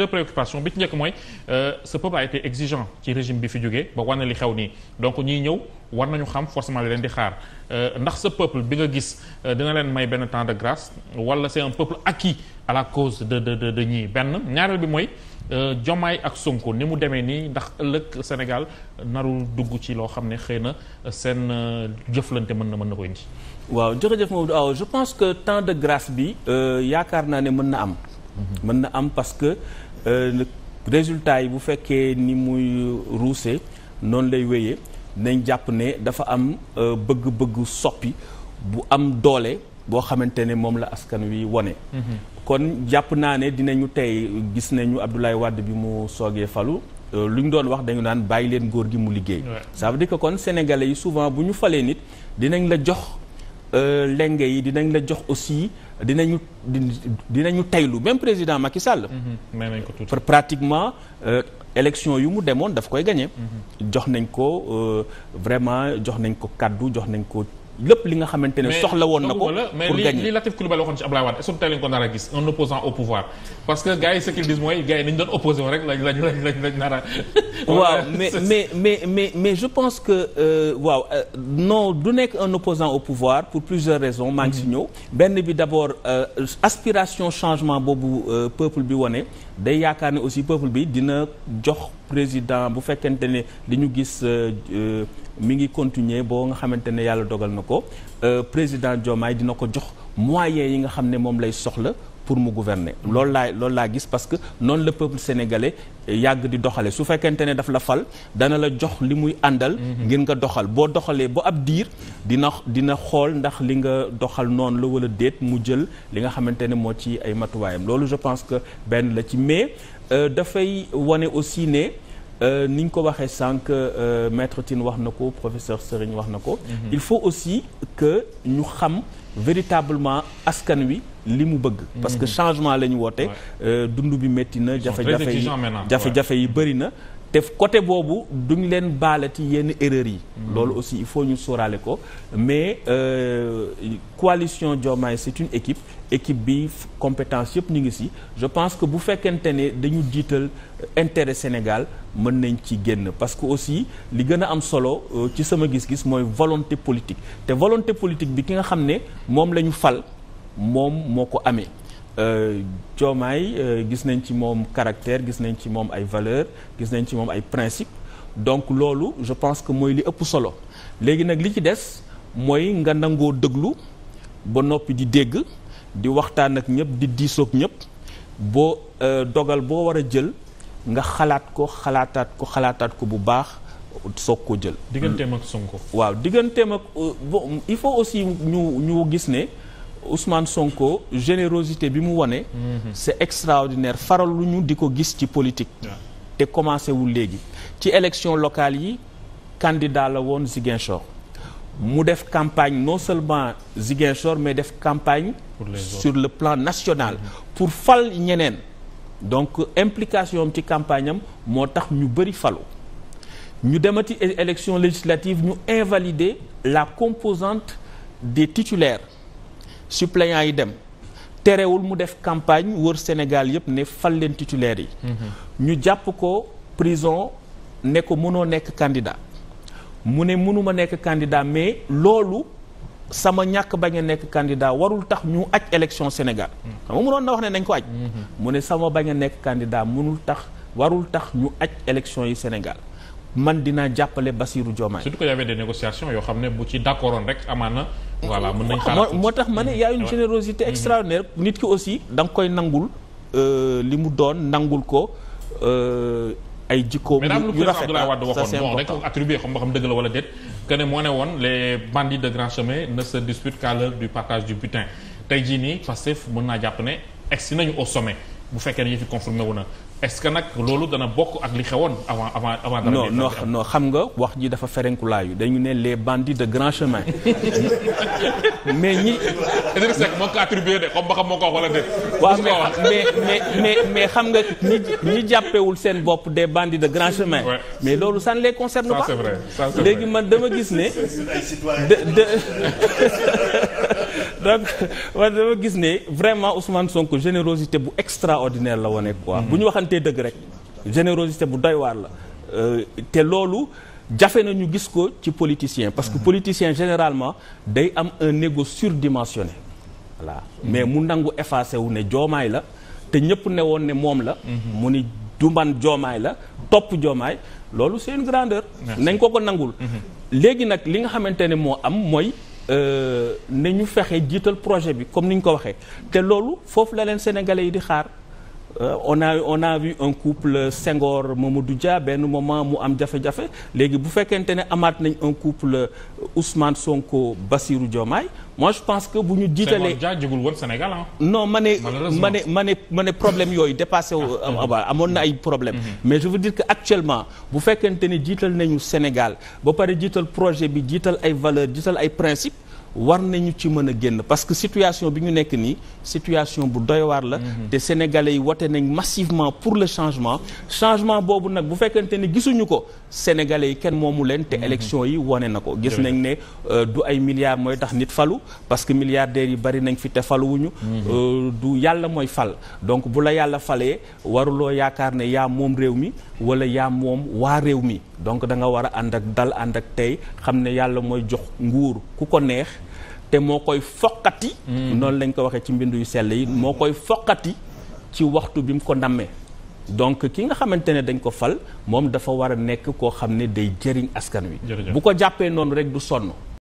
deux préoccupations bi ci njëkk mooy euh, ce peuple a été exigeant ci régime bi fi jógee ba war na li xew nii donc ñiy ñëw war nañu xam forcément li leen di xaar euh, ndax ce peuple bi nga gis euh, dina leen may benn temps de grâce wala c'est un ak kii à la cause de de de ñii benn ñaareel bi mooy Jomaay ak Sonko ni mu demee nii ndax ëllëg Sénégal naru dugg ci loo xam ne xëy na seen jëflante mën na mën na ko indi. waaw jërëjëf Maodo Awa je pense que temps de grâce bi yaakaar naa ne mën na am. Mhm. Euh, résultat yi bu fekkee ni muy ruusee noonu lay wéyee nañ jàpp ne dafa am euh, bëgg-bëgg soppi bu am doole boo xamante ne moom la askan wi wone mhm. kon jàpp naa ne dinañu tey gis nañu Abdoulaye wàdd bi mu soogee falu euh, lu ñu doon wax dañu naan bàyyi leen góor gi mu liggéey ça veut dire que yi souvent bu ñu falee nit dinañ la jox Euh, leng yi dinañ la jox aussi dinañu dinañu taylu même président Macky Sall. Mhm. pratiquement euh, élection yu mu demoon daf koy gagné. Mhm. jox nañ ko euh, vraiment jox nañ ko kàddu jox nañ ko. lépp li nga xamante ne soxla woon na ko pour mais li Latif Coulibaly waxoon ci Ablaye Wade est-ce que tey lañ ko nar a gis un opposant au pouvoir parce que gars yi ce qu'ils disent mooy gars yi nañ doon mais mais mais mais mais je pense que euh, waaw euh, non du nekk un opposant au pouvoir pour plusieurs raisons maa ngi si mm-hmm. ñëw benn bi d'abord euh, aspiration changement boobu peuple bi wone day yaakaar ne aussi peuple bi dina jox président bu fekkente ne li ñu gis euh, euh, mi ngi continuer boo nga xamante ne yàlla dogal na ko euh, président Diomaye dina ko jox moyens yi nga xam ne moom lay soxla pour mu gouverner loolu laa loolu laa gis parce que noonu la peuple sénégalais yàgg di doxale su fekkente ne daf la fal dana la jox li muy àndal mhm. ngir nga doxal boo doxalee ba ab diir dina dina xool ndax li nga doxal noonu la wala déet mu jël li nga xamante ne moo ci ay matuwaayam loolu je pense que benn la ci mais euh, dafay wane aussi ne euh, ni ñu ko waxee sànq euh, maître wax na ko professeur Serigne wax na ko mhm. il faut aussi que ñu xam véritablement askan wi li mu bëgg parce que mhm. changement la ñu woote euh, dundu bi métti na jafe-jafe yi jafe-jafe yi bëri na te côté boobu duñ leen baalati yenn erreur yi mhm. loolu aussi il faut ñu sóoraale ko mais euh, coalition Diomaye c'est une équipe équipe bi compétence yëpp ñu ngi si je pense que bu fekkente ne dañu jiital euh, intérêt Sénégal mën nañ ci génn parce que aussi li gën a am solo ci sama gis-gis mooy volonté politique te volonté politique bi ki nga xam ne moom la ñu fal moom moo ko amee euh, Diomaye euh, gis nañ ci moom caractère gis nañ ci moom ay valeur gis nañ ci moom ay principe donc loolu je pense que mooy li ëpp solo léegi nag li ci des mooy nga nangoo dëglu ba noppi di dégg di waxtaan ak ñëpp di diisoog ñëpp boo euh, dogal boo war a jël nga xalaat ko xalaataat ko xalaataat ko bu baax soog ko jël digganteem ak Sonko waaw digganteem ak bon il faut aussi ñu ñu gis ne Ousmane Sonko générosité bi mu wone mhm. c'est extraordinaire faral lu ñu di ko gis ci politique te commencé wul léegi ci élection locale yi candidat la woon Ziguinchor mu def campagne non seulement Ziguinchor mais def campagne sur le plan national pour fal ñeneen donc implication ci campagne am moo tax ñu bëri falu ñu demati élection législative ñu invalider la composante des titulaires suppléants yi dem terewul mu def campagne wër Sénégal yëpp ne fal leen titulaire yi mhm. ñu jàpp ko prison ne ko mënoo nekk candidat mu ne mënuma nekk candidat mais loolu sama ñàkk bañ a nekk candidat warul tax ñu aj élection Sénégal mhm. xam nga mënoon na wax ne nañ ko aj mhm. mu ne sama bañ a nekk kandidaa mënul tax warul tax ñu aj élection yi Sénégal man dinaa jàppale Bassirou Diomaye. surtout que y avait des négociations yoo xam ne bu ci d'accord woon rek amaana. voilà mën nañu xalaat moo tax ma ne y a une générosité mhm. extraordinaire. nit ki aussi da koy nangul euh, li mu doon nangul ko euh, ay jikkoom. yu rafet mais daal lu président Abdoulaye Wade waxoon bon rek attribué xam nga xam dëgg la wala déet. que ne moo ne woon les bandits de grand chemin ne se disputent qu'à l'heure du partage du butin tey jii nii Pastef mën naa jàpp ne egsi nañu au sommet bu fekkee ne yëfi confirmé wu na. est-ce que nag loolu dana bokk ak li xewoon avant avant avant. dara non xam nga wax ji dafa ferenkulaayu dañu ne les bandits de grand chemin. mais ñi. Idrissa moo ko attribué de xam ba xam moo ko wax wala déet. waaw mais mais mais mais xam nga ñi ñi jàppewul seen bopp des bandits de grand chemin. mais loolu ça ne les concerne pas. léegi man dama gis ne. de de. donc man dama gis ne vraiment Ousmane Sonko générosité bu extraordinaire la wane quoi. Mm-hmm. bu ñu waxantee dëgg rek générosité bu doy waar la euh, te loolu jafe na ñu gis ko ci politicien parce que mm-hmm. politicien généralement day am un ego surdimensionné voilà mm-hmm. mais mu nangu effacé wu ne joomaay la te ñëpp ne woon ne moom la mu ni du joomaay la topp joomaay loolu c'est grandeur nañ ko ko nangul léegi nag li nga xamante ne moo am mooy Euh, ne ñu fexe jiital projet bi comme ni ñu ko waxee te loolu foofu la leen sénégalais yi di xaar Euh, on a on a vu un couple Senghor du Dia benn moment mu am jafe-jafe léegi bu fekkente ne amaat nañ un couple Ousmane Sonko Bassirou Diomaye moi je pense que bu ñu jiitalee jugul woon Sénégal non ma ne ma ne ma ne ma ne problème yooyu dépassé ah, ah, ah. amoon na ay problème mm-hmm. mais je veux dire que actuellement bu fekkente ne jiital nañu Sénégal ba pare jiital projet bi jiital ay valeurs jiital ay principes war nañu ci mën a génn parce que situation bi ñu nekk nii situation bu doy waar la. Mhm. te sénégalais yi wote nañ massivement pour le changement. changement boobu nag bu fekkente ni gisuñu ko sénégalais yi kenn moomu leen te mhm. élection yi wone na ko. gis nañ ne euh, du ay milliards mooy tax nit falu parce que milliardaires yi bari nañ fi te faluwuñu. Mhm. Euh, du yàlla mooy fal donc bu la yàlla falee waruloo yaakaar ne yaa moom réew mi wala yaa moom waa réew mi donc da nga war a ànd ak dal ànd ak tey xam ne yàlla mooy jox nguur te moo koy foqati. Mm. noonu lañ ko waxee ci mbind yu sell yi moo koy foqati ci waxtu bi mu ko nammee. donc ki nga xamante ne dañ ko fal moom dafa war a nekk koo xam ne day jëriñ askan wi. bu ko jàppee noonu rek du sonn.